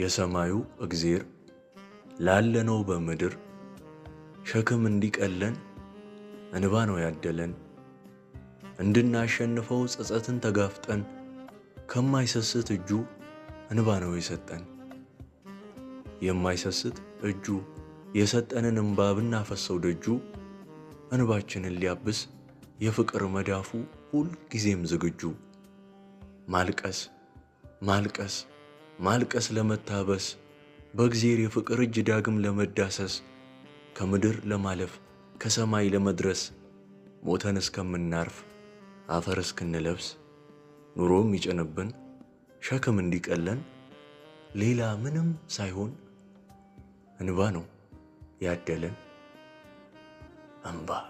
የሰማዩ እግዜር ላለነው በምድር ሸክም እንዲቀለን እንባ ነው ያደለን እንድናሸንፈው ጸጸትን ተጋፍጠን ከማይሰስት እጁ እንባ ነው የሰጠን የማይሰስት እጁ የሰጠንን እንባ ብናፈሰው ደጁ እንባችንን ሊያብስ የፍቅር መዳፉ ሁል ጊዜም ዝግጁ ማልቀስ ማልቀስ ማልቀስ ለመታበስ በእግዜር የፍቅር እጅ ዳግም ለመዳሰስ ከምድር ለማለፍ ከሰማይ ለመድረስ ሞተን እስከምናርፍ አፈር እስክንለብስ ኑሮ የሚጭንብን ሸክም እንዲቀለን ሌላ ምንም ሳይሆን እንባ ነው ያደለን እንባ